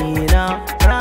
Medina.